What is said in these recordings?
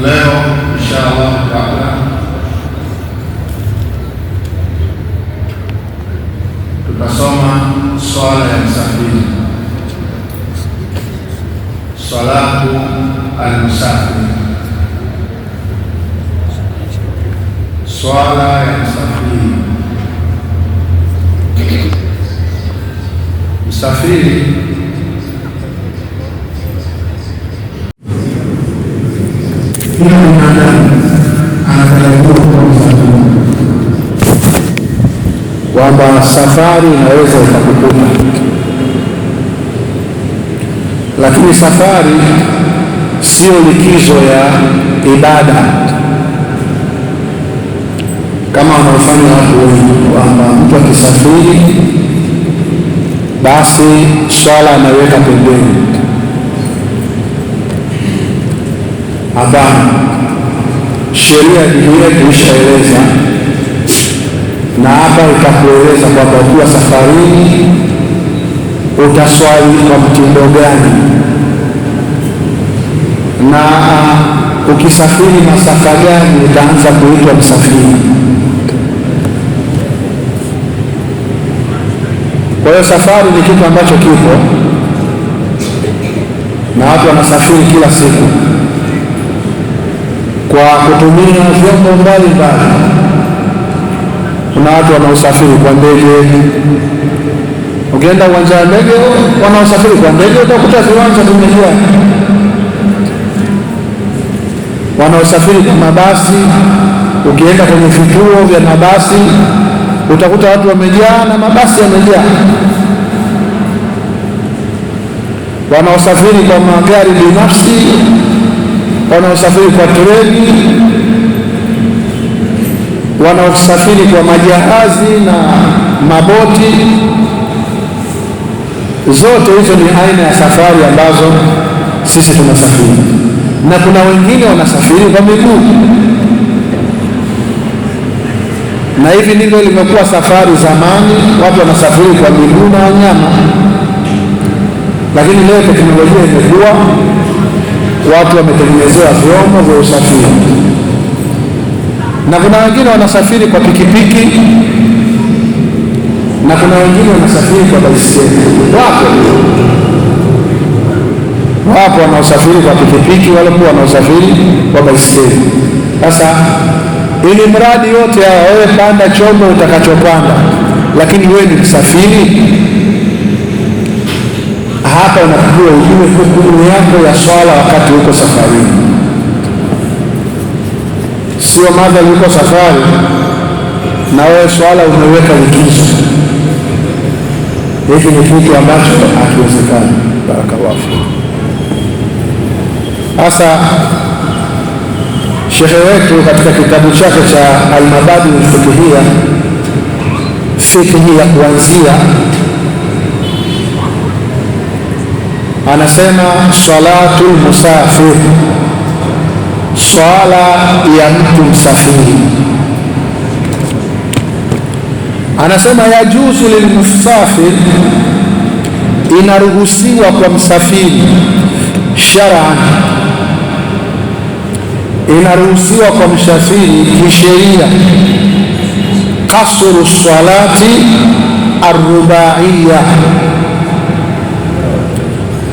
leo insha Allah taala tutasoma swala ya msafiri, salatu almusafiri, swala ya msafiri. Msafiri kila mwanadamu anatarajiwa kuwa msafiri, kwamba safari inaweza ikakukuta, lakini safari sio likizo ya ibada kama wanaofanya watu wengi, kwamba mtu akisafiri basi swala anaweka pembeni Hapana, sheria ya dini yetu ishaeleza na hapa itakueleza kwamba ukiwa safarini utaswali kwa mtindo gani, na uh, ukisafiri masafa gani utaanza kuitwa msafiri. Kwa hiyo safari ni kitu ambacho kipo na watu wanasafiri kila siku kwa kutumia vyombo mbalimbali. Kuna watu wanaosafiri kwa ndege. Ukienda uwanja wa ndege, wanaosafiri kwa ndege utakuta viwanja vimejaa. Wanaosafiri kwa mabasi, ukienda kwenye vituo vya mabasi utakuta watu wamejaa na mabasi yamejaa. Wanaosafiri kwa magari binafsi wanaosafiri kwa treni, wanaosafiri kwa majahazi na maboti, zote hizo ni aina ya safari ambazo sisi tunasafiri, na kuna wengine wanasafiri kwa miguu, na hivi ndivyo limekuwa safari zamani, watu wanasafiri kwa miguu na wanyama, lakini leo teknolojia imekuwa watu wametengenezewa vyombo vya usafiri, na kuna wengine wanasafiri kwa pikipiki na kuna wengine wanasafiri kwa baiskeli. Wapo wapo wanaosafiri kwa pikipiki, wale pia wanaosafiri kwa baiskeli. Sasa ili mradi yote hawa, wewe panda chombo utakachopanda, lakini wewe ni msafiri hapa unapigiwa ujue hukumu yako ya swala wakati huko safarini, sio madha uko safari na wewe swala umeweka likizo. Hiki ni kitu ambacho hakiwezekani. Barakallahu fikum. Sasa shehe wetu katika kitabu chake cha Almabadi Alfiqhia, fikhi ya kuanzia anasema salatul musafir, swala ya mtu msafiri. Anasema yajuzu lilmusafir, inaruhusiwa kwa msafiri shar'an, inaruhusiwa kwa msafiri kisheria, kasru salati arrubaiya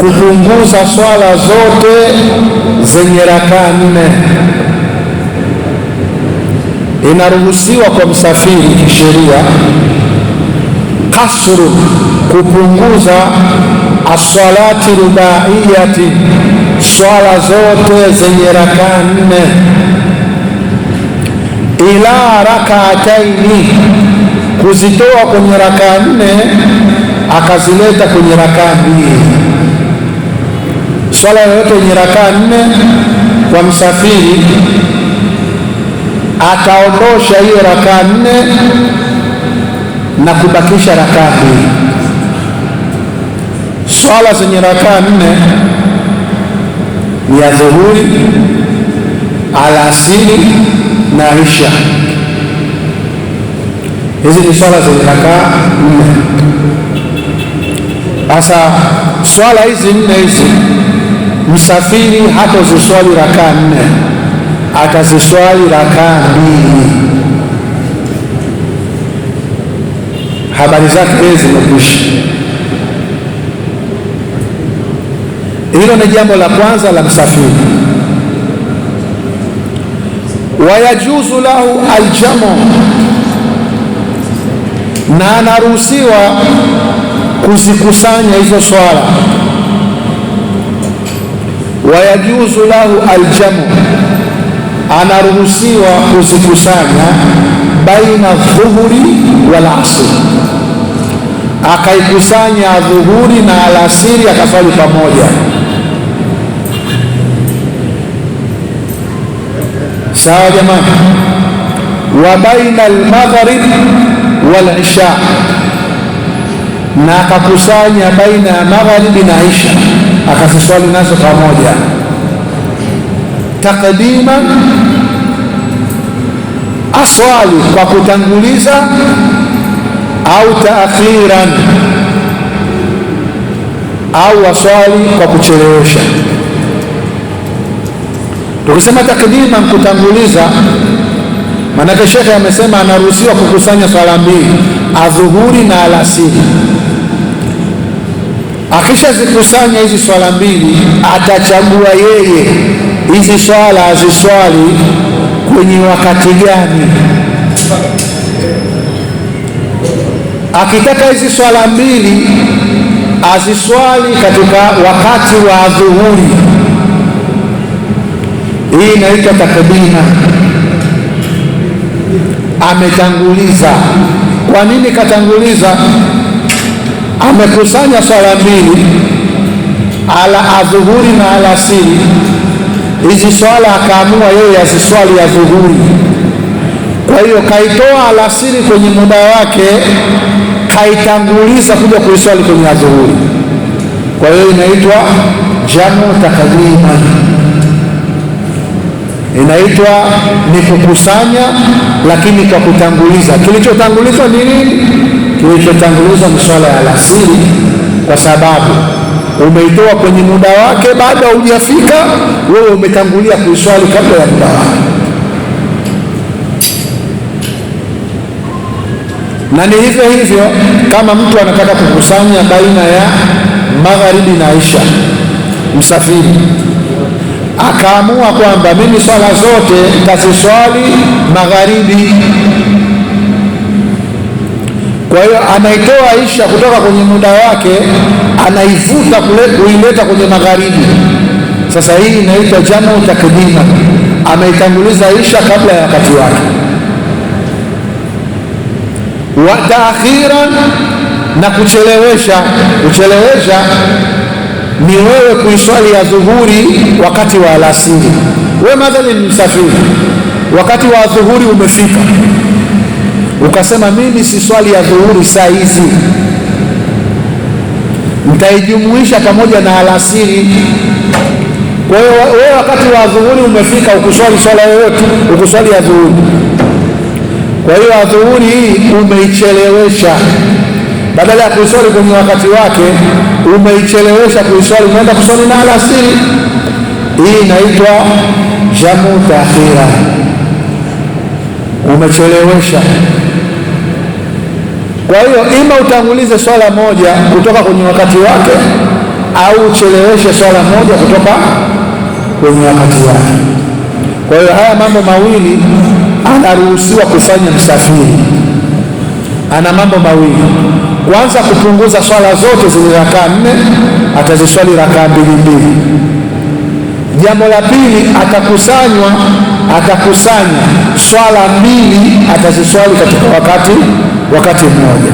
kuzunguza swala zote zenye rakaa nne. Inaruhusiwa kwa msafiri kisheria kasru, kupunguza aswalati rubaiyati, swala zote zenye rakaa nne, ila rakaataini, kuzitoa kwenye rakaa nne akazileta kwenye rakaa mbili Swala yoyote yenye rakaa nne kwa msafiri ataondosha hiyo rakaa nne na kubakisha rakaa mbili. Swala zenye rakaa nne ni ya dhuhuri, alasiri na isha. Hizi ni swala zenye rakaa nne. Sasa swala hizi nne hizi msafiri hata ziswali rakaa nne, ataziswali rakaa mbili. Habari zake yeye zimekwisha. Hilo ni jambo la kwanza la msafiri. Wayajuzu lahu aljamu, na anaruhusiwa kuzikusanya hizo swala wayajuzu lahu aljamu, anaruhusiwa kuzikusanya baina dhuhuri wal asr, akaikusanya dhuhuri na alasiri akaswali pamoja. Sawa jamani, wa baina almaghrib wal isha, na akakusanya baina ya magharibi na isha akasiswali nazo pamoja takdima aswali kwa kutanguliza au taakhiran au aswali kwa kuchelewesha. Tukisema takdima kutanguliza, maanake shekhe amesema anaruhusiwa kukusanya swala mbili adhuhuri na alasiri. Akishazikusanya hizi swala mbili, atachagua yeye hizi swala aziswali kwenye wakati gani. Akitaka hizi swala mbili aziswali katika wakati wa dhuhuri, hii inaitwa takdima, ametanguliza. Kwa nini katanguliza? amekusanya swala mbili, ala adhuhuri na alasiri. Hizi swala akaamua yeye aziswali adhuhuri, kwa hiyo kaitoa alasiri kwenye muda wake, kaitanguliza kuja kuiswali kwenye adhuhuri. Kwa hiyo inaitwa jamu takdiman, inaitwa ni kukusanya, lakini kwa kutanguliza. Kilichotangulizwa ni nini? kilichotanguliza ni swala ya alasiri, kwa sababu umeitoa kwenye muda wake, bado hujafika wewe, umetangulia kuiswali kabla ya muda wake. Na ni hivyo hivyo kama mtu anataka kukusanya baina ya magharibi na isha, msafiri akaamua kwamba mimi swala zote nitaziswali magharibi kwa hiyo anaitoa Aisha kutoka kwenye muda wake, anaivuta kuileta kwenye magharibi. Sasa hii inaitwa jamu takdima, ameitanguliza Aisha kabla ya wakati wake. Wa taakhira, na kuchelewesha. Kuchelewesha ni wewe kuiswali ya dhuhuri wakati wa alasiri. We madhali ni msafiri, wakati wa dhuhuri umefika ukasema mimi si swali ya dhuhuri saa hizi, mtaijumuisha pamoja na alasiri. Kwa hiyo wewe wakati wa dhuhuri umefika, ukuswali swala yoyote, ukuswali ya dhuhuri. Kwa hiyo adhuhuri hii umeichelewesha, badala ya kuiswali kwenye wakati wake umeichelewesha kuiswali, umeenda kuswali na alasiri. Hii inaitwa jamu taakhira umechelewesha. Kwa hiyo ima utangulize swala moja kutoka kwenye wakati wake au ucheleweshe swala moja kutoka kwenye wakati wake. Kwa hiyo haya mambo mawili anaruhusiwa kufanya msafiri, ana mambo mawili. Kwanza, kupunguza swala zote zenye rakaa nne, ataziswali rakaa mbili mbili. Jambo la pili, atakusanywa atakusanya swala mbili ataziswali katika wakati wakati mmoja,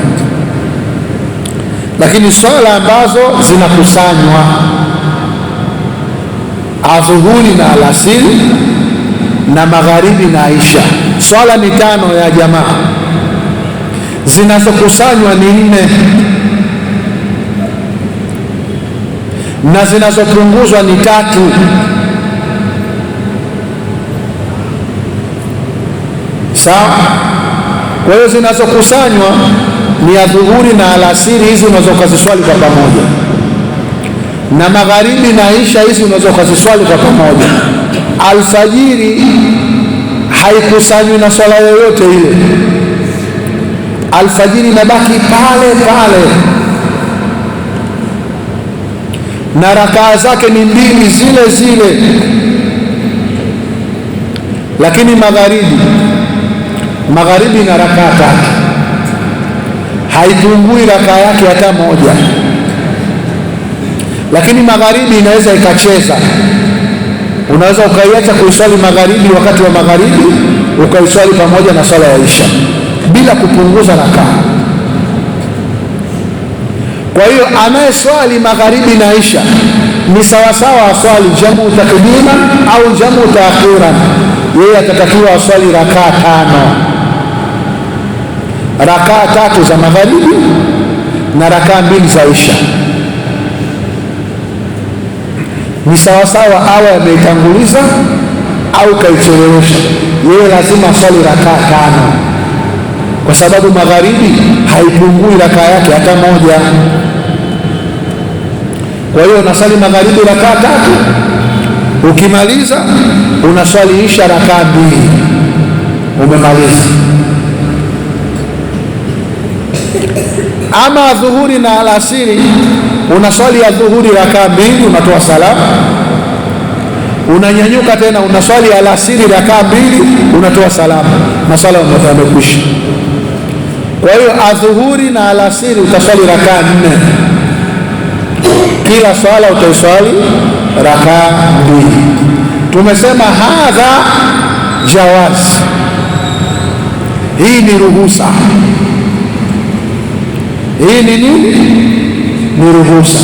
lakini swala ambazo zinakusanywa adhuhuri na alasiri na magharibi na Aisha, swala ni tano ya jamaa, zinazokusanywa ni nne na zinazopunguzwa ni tatu. Sawa. Kwa hiyo zinazokusanywa ni adhuhuri na alasiri, hizi unaweza ukaziswali kwa pamoja, na magharibi na isha, hizi unaweza ukaziswali kwa pamoja. Alfajiri haikusanywi na swala yoyote ile, alfajiri inabaki pale pale na rakaa zake ni mbili zile zile, lakini magharibi magharibi na rakaa tatu, haipungui rakaa yake hata moja, lakini magharibi inaweza ikacheza. Unaweza ukaiacha kuiswali magharibi wakati wa magharibi ukaiswali pamoja na swala ya isha bila kupunguza rakaa. Kwa hiyo anayeswali magharibi na isha ni sawasawa aswali jamu takdima au jamu taakhira, yeye atatakiwa aswali rakaa tano rakaa tatu za magharibi na rakaa mbili za isha ni sawasawa, awe ameitanguliza au kaichelewesha, yeye lazima aswali rakaa tano, kwa sababu magharibi haipungui rakaa yake hata moja. Kwa hiyo unaswali magharibi rakaa tatu, ukimaliza unaswali isha rakaa mbili, umemaliza. Ama dhuhuri na alasiri, unaswali ya dhuhuri rakaa mbili, unatoa salamu, unanyanyuka tena unaswali ya alasiri rakaa mbili, unatoa salamu, maswala yamekwisha. Kwa hiyo adhuhuri na alasiri utaswali rakaa nne, kila swala utaswali rakaa mbili. Tumesema hadha jawazi, hii ni ruhusa hii ni nini? Ni ruhusa.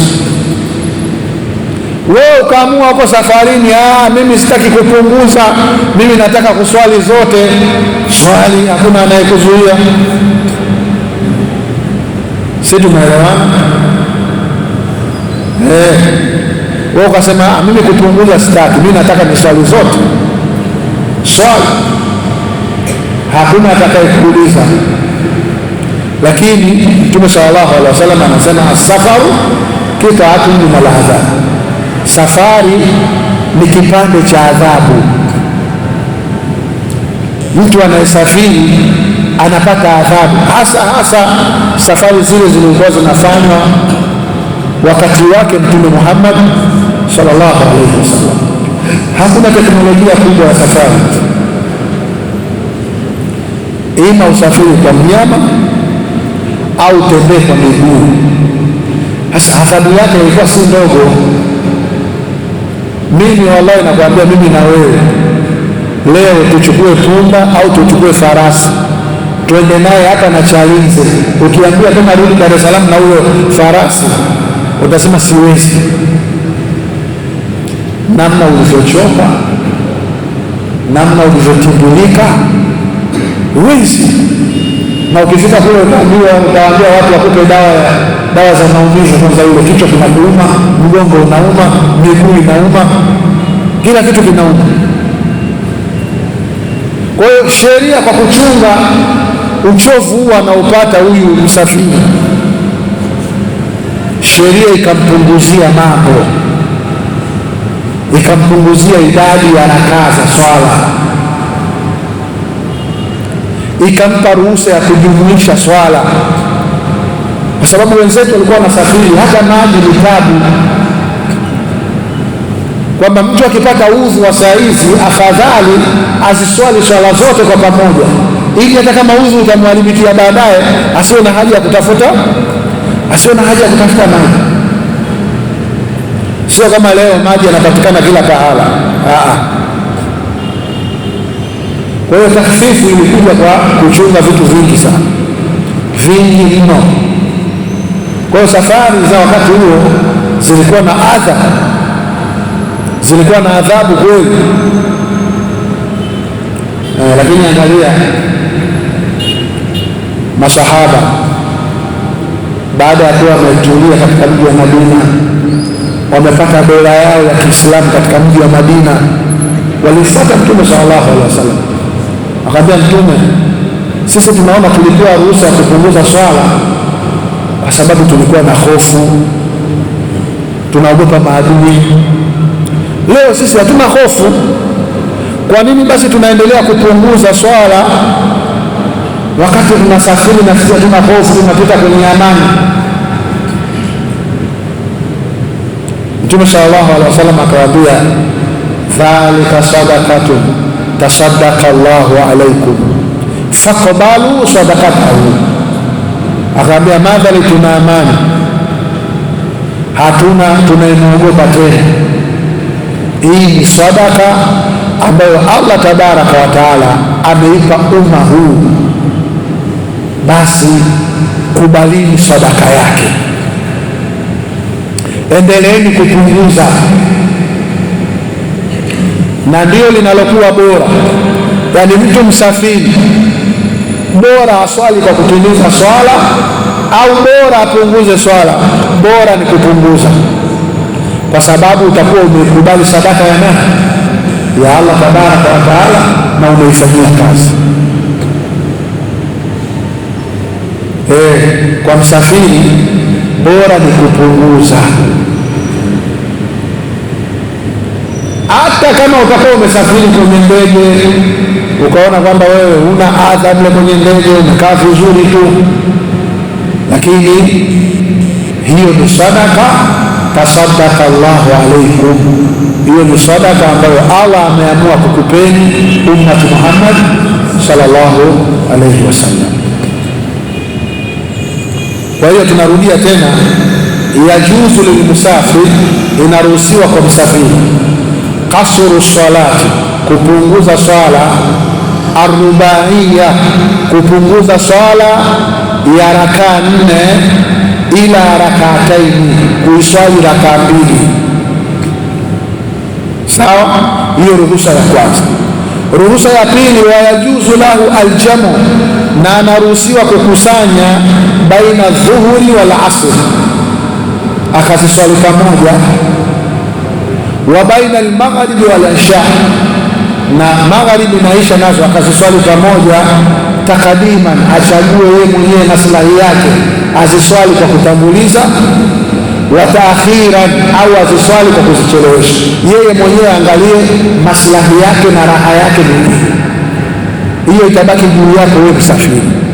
Wewe ukaamua uko safarini, ah, mimi sitaki kupunguza, mimi nataka kuswali zote, swali, hakuna anayekuzuia. Si tumeelewa? eh? Wewe ukasema ah, mimi kupunguza sitaki, mimi nataka niswali zote, swali, hakuna atakayekuuliza. Lakini Mtume sallallahu alaihi wasallam anasema asafaru kitaatun min adhabu safari ni kipande cha adhabu. Mtu anayesafiri anapata adhabu, hasa hasa safari zile zilizokuwa zinafanywa wakati wake Mtume Muhammad sallallahu alaihi wasallam. Hakuna teknolojia kubwa ya safari, ima usafiri kwa mnyama au tembee kwa miguu. Sasa adhabu yake ilikuwa si ndogo. Mimi wallahi nakwambia, mimi na wewe leo tuchukue punda au tuchukue farasi twende naye hata na Chalinze. Ukiambia kama rudi Dar es Salaam na huyo farasi, utasema siwezi. Namna ulivyochoka, namna ulivyotimbulika, wezi na ukifika kule utajua, utaambia watu wakupe dawa dawa za maumivu kwanza. ule kichwa kinakuuma, mgongo unauma, miguu inauma, kila kitu kinauma. Kwa hiyo sheria kwa kuchunga uchovu huu anaopata huyu msafiri, sheria ikampunguzia mambo, ikampunguzia idadi ya rakaa za swala ikampa ruhusa ya kujumuisha swala, kwa sababu wenzetu walikuwa wanasafiri, hata maji ni tabu, kwamba mtu akipata udhu wa saa hizi afadhali aziswali swala zote kwa pamoja, ili hata kama udhu utamwharibikia baadaye, asiwe na haja ya kutafuta asiwe na haja ya kutafuta maji. Sio kama leo maji yanapatikana kila pahala. Kwa hiyo takhfifu ilikuja kwa kuchunga vitu vingi sana vingi mno. Kwa hiyo safari za wakati huo zilikuwa na adha, zilikuwa na adhabu kweli. Eh, lakini angalia masahaba baada ya kuwa wametulia katika mji wa Madina, wamepata dola yao ya Kiislamu katika mji wa Madina, walifuata Mtume sallallahu alaihi wasallam Akamwambia Mtume, sisi tunaona tulipewa ruhusa ya kupunguza swala kwa sababu tulikuwa na hofu, tunaogopa maadui. Leo sisi hatuna hofu, kwa nini basi tunaendelea kupunguza swala wakati tunasafiri na sisi hatuna hofu, tunapita kwenye amani? Mtume sallallahu alaihi wasallam akawaambia, dhalika sadaqatun tasaddaqa Allahu alaikum faqbalu sadaqatahu, akaambia madhali, tuna amani, hatuna tunayemwogopa tena. Hii ni sadaka ambayo Allah tabaraka wa taala ameipa umma huu, basi kubalini sadaka yake, endeleeni kupunguza na ndio linalokuwa bora, yani mtu msafiri bora aswali kwa kutimiza swala au bora apunguze swala. Bora ni kupunguza, kwa sababu utakuwa umeikubali sadaka ya nani? Ya Allah tabaraka wa taala, na umeifanyia kazi. Eh, kwa msafiri bora ni kupunguza. Hata kama utakuwa umesafiri kwenye ndege ukaona kwamba wewe una adha mle kwenye ndege, umekaa vizuri tu, lakini hiyo ni sadaka, tasadaka llahu alaikum. Hiyo ni sadaka ambayo Allah ameamua kukupeni ummati Muhammad sallallahu alaihi wasallam. Kwa hiyo tunarudia tena, yajuzu lilmusafir, inaruhusiwa kwa msafiri kasuru salati, kupunguza swala, arubaiya, kupunguza swala ya rakaa nne ila rakaataini, kuiswali rakaa mbili. Sawa, hiyo ruhusa ya kwanza. Ruhusa ya pili, wayajuzu lahu aljamu, na anaruhusiwa kukusanya baina dhuhuri wal asr, akaziswali pamoja wa baina almaghribi wal isha, na magharibi na isha nazo akaziswali pamoja takadiman, achague yeye mwenyewe maslahi yake aziswali kwa kutanguliza wa taakhiran au aziswali kwa kuzichelewesha. Yeye mwenyewe angalie maslahi yake na raha yake mwenyewe, hiyo itabaki juu yako wewe msafiri.